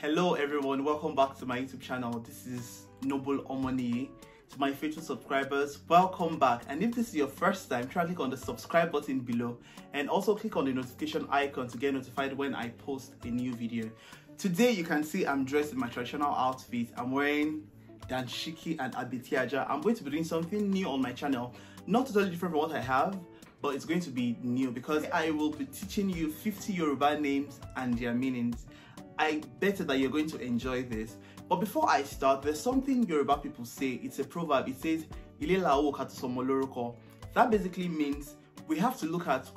Hello everyone, welcome back to my YouTube channel. This is Noble Omoni. To my faithful subscribers, welcome back. And if this is your first time, try to click on the subscribe button below and also click on the notification icon to get notified when I post a new video. Today you can see I'm dressed in my traditional outfit. I'm wearing Danshiki and Abitiaja. I'm going to be doing something new on my channel. Not totally different from what I have, but it's going to be new because I will be teaching you 50 Yoruba names and their meanings. I bet that you're going to enjoy this. But before I start, there's something Yoruba people say. It's a proverb. It says, Ile That basically means we have to look at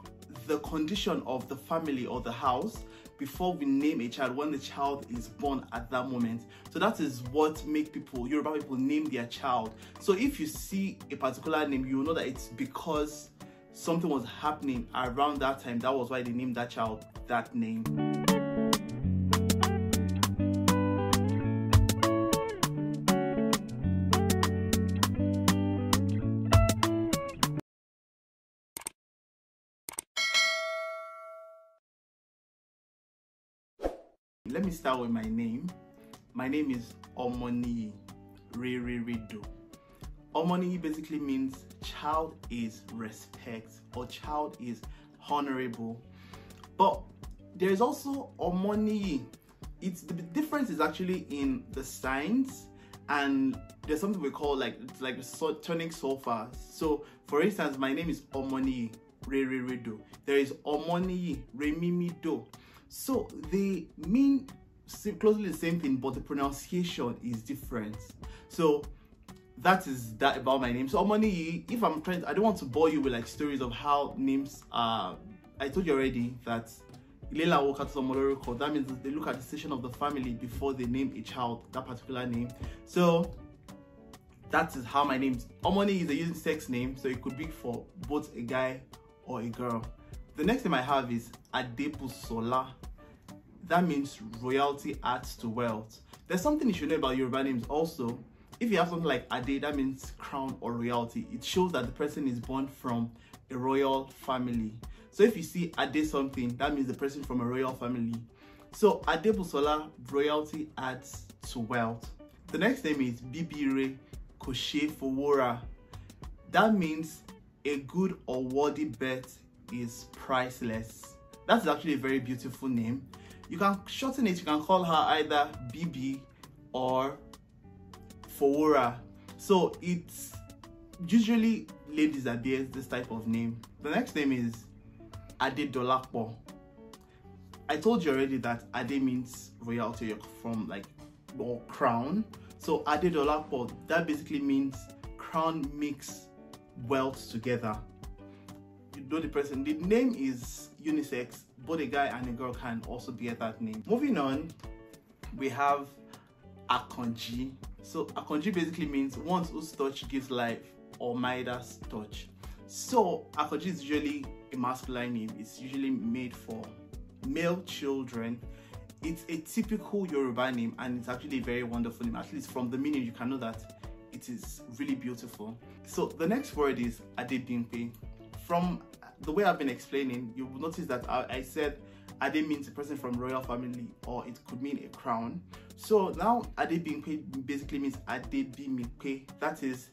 the condition of the family or the house before we name a child when the child is born at that moment so that is what make people yoruba people name their child so if you see a particular name you know that it's because something was happening around that time that was why they named that child that name start with my name. My name is Omoni Ririrido. Omoni basically means child is respect or child is honorable. But there is also Omoni. It's the difference is actually in the signs and there's something we call like it's like so, tonic sulfur. So for instance, my name is Omoni Ririrido. There is Omoni Remimido. So they mean closely the same thing, but the pronunciation is different. So that is that about my name. So Omoni, if I'm trying, to, I don't want to bore you with like stories of how names are. I told you already that Ilela record that means they look at the station of the family before they name a child, that particular name. So that is how my name, Omoni is a using sex name, so it could be for both a guy or a girl. The next name I have is Adepusola. That means royalty adds to wealth. There's something you should know about Yoruba names also. If you have something like Ade, that means crown or royalty. It shows that the person is born from a royal family. So if you see Ade something, that means the person from a royal family. So Adebusola, royalty adds to wealth. The next name is Bibire Koshefowora. That means a good or worthy bet is priceless. That's actually a very beautiful name. You can shorten it, you can call her either BB or Fowora. So it's usually ladies that bears this type of name. The next name is Ade Dolapo. I told you already that Ade means royalty from like or crown. So Ade Dolapo, that basically means crown mix wealth together. You know the person. The name is unisex, both a guy and a girl can also bear that name. Moving on, we have Akonji. So Akonji basically means one whose touch gives life or Maida's touch. So Akonji is usually a masculine name. It's usually made for male children. It's a typical Yoruba name and it's actually a very wonderful name. At least from the meaning you can know that it is really beautiful. So the next word is Adebimpe. From the way I've been explaining, you will notice that I, I said Ade means a person from royal family or it could mean a crown. So now Ade Bimpe basically means Ade Bimpe. That is,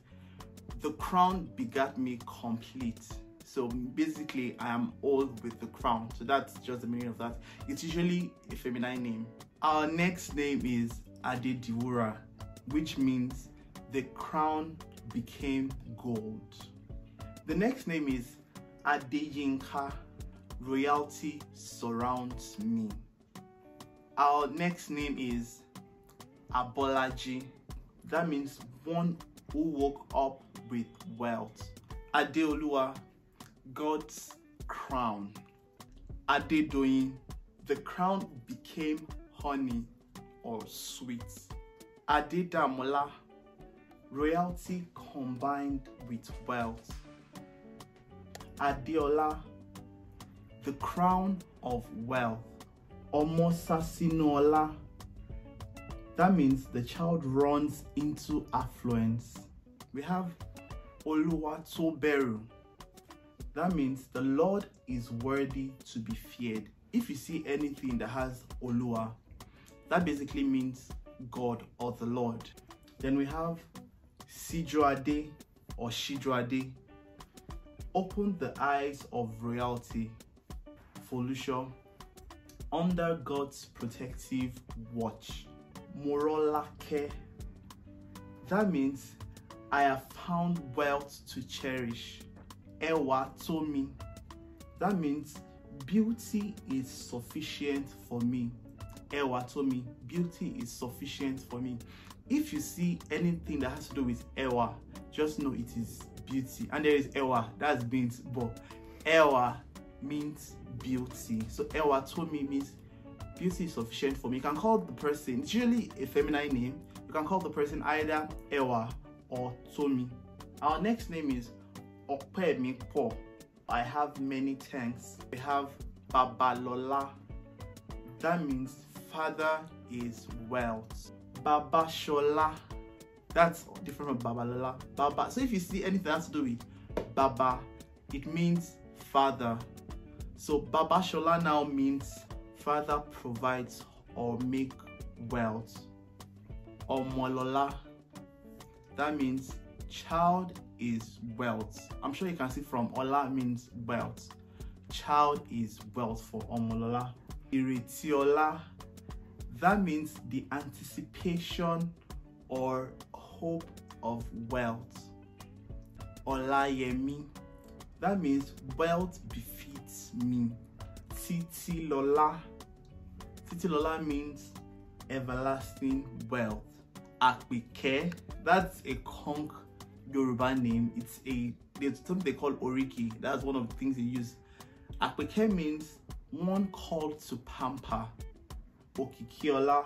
the crown begat me complete. So basically, I am all with the crown. So that's just the meaning of that. It's usually a feminine name. Our next name is Ade Diwura, which means the crown became gold. The next name is Adeyinka, royalty surrounds me. Our next name is Abolaji. That means one who woke up with wealth. Adeolua, God's crown. Adedoyin, the crown became honey or sweet. Adedamola, royalty combined with wealth. Adiola, the crown of wealth. Omosasinola. That means the child runs into affluence. We have Oluwatoberu. That means the Lord is worthy to be feared. If you see anything that has Olua, that basically means God or the Lord. Then we have Sijoade or Shijoade opened the eyes of royalty for Lucia under God's protective watch. Morolake. That means I have found wealth to cherish. Ewa tomi. That means beauty is sufficient for me. Ewa tomi. Beauty is sufficient for me if you see anything that has to do with ewa just know it is beauty and there is ewa that's means but ewa means beauty so ewa to me means beauty is sufficient for me you can call the person it's usually a feminine name you can call the person either ewa or tomi our next name is opemipo i have many thanks we have babalola that means father is wealth Baba shola, That's different from Baba lala. Baba. So if you see anything that has to do with Baba, it means father. So Baba shola now means father provides or make wealth. Omolola. That means child is wealth. I'm sure you can see from Ola means wealth. Child is wealth for Omolola. Iritiola that means the anticipation or hope of wealth. Olayemi. That means wealth befits me. Titi Lola. Titi Lola means everlasting wealth. Akpike. That's a conch Yoruba name. It's a there's something they call oriki. That's one of the things they use. Akpeke means one called to pamper okikiola,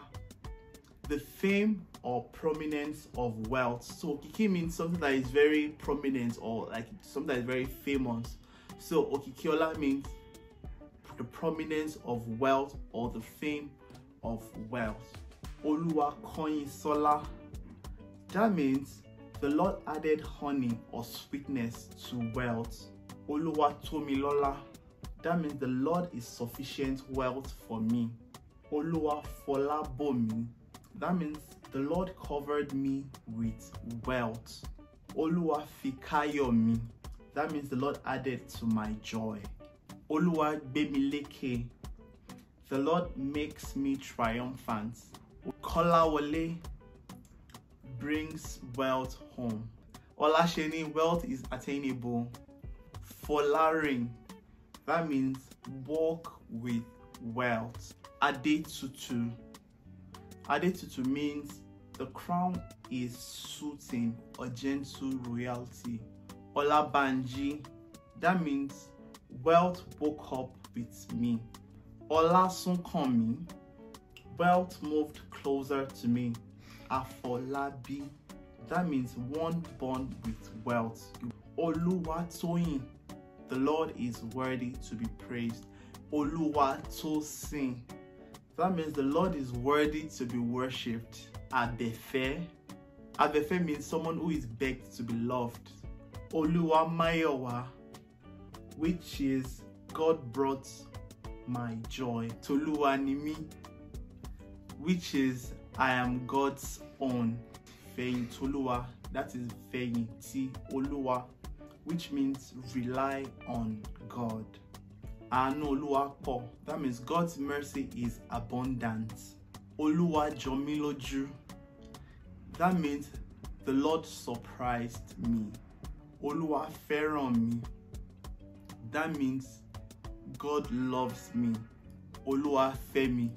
the fame or prominence of wealth. So okiki means something that is very prominent or like something that is very famous. So okikiola means the prominence of wealth or the fame of wealth. Oluwa sola, that means the Lord added honey or sweetness to wealth. Oluwa Tomilola, that means the Lord is sufficient wealth for me. Olua Fola Bomi. That means the Lord covered me with wealth. Olua Fikayomi. That means the Lord added to my joy. Olua bemileke, The Lord makes me triumphant. wale brings wealth home. Olasheni, wealth is attainable. Folaring, that means walk with wealth. Adetutu. Adetutu means the crown is suiting a gentle royalty. Olabanji, that means wealth woke up with me. Olasunkanmi, wealth moved closer to me. Afolabi, that means one born with wealth. Oluwatoyin, the Lord is worthy to be praised. Oluwatosin, that means the Lord is worthy to be worshipped at the fair. At the fair means someone who is begged to be loved. Oluwa Mayowa, which is God brought my joy. Toluwa Nimi, which is I am God's own. Feyin Toluwa, that is Feyin Ti Oluwa, which means rely on God. Anoluwako. That means God's mercy is abundant. Oluwa Jomiloju. That means the Lord surprised me. Oluwa Feron me. That means God loves me. Oluwa Femi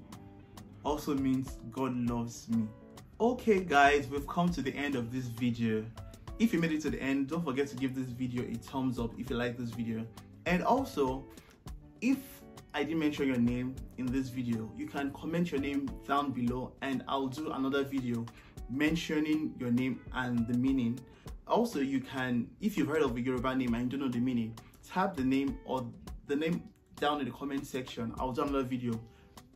also means God loves me. Okay guys, we've come to the end of this video. If you made it to the end, don't forget to give this video a thumbs up if you like this video. And also, if I didn't mention your name in this video, you can comment your name down below and I'll do another video mentioning your name and the meaning. Also, you can, if you've heard of a Yoruba name and you don't know the meaning, type the name or the name down in the comment section. I'll do another video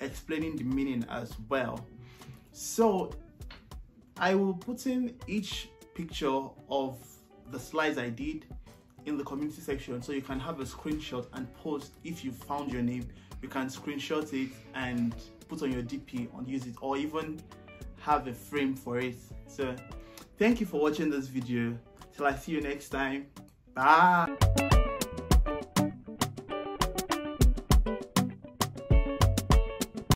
explaining the meaning as well. So, I will put in each picture of the slides I did in the community section so you can have a screenshot and post if you found your name you can screenshot it and put on your dp and use it or even have a frame for it so thank you for watching this video till i see you next time bye